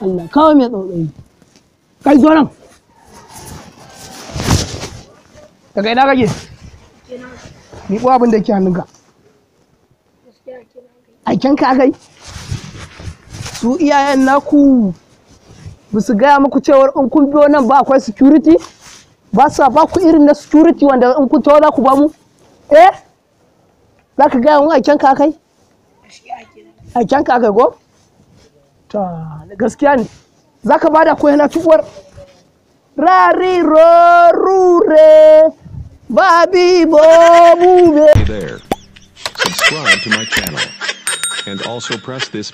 Allah kawai mai tsautsayi kai zo nan daga ina kake ni ko abin da yake hannunka aiken ka kai? su iyayen naku ba su gaya muku cewar in kun biyo nan ba akwai security ba sa ba ku irin na security wanda in kun tawo za ku ba mu eh za ka gaya a aiken ka a aiken ka kai ko ta gaskiya ne za ka bada ko yana tubuwar rari rorure babi bobu there subscribe to my channel and also press this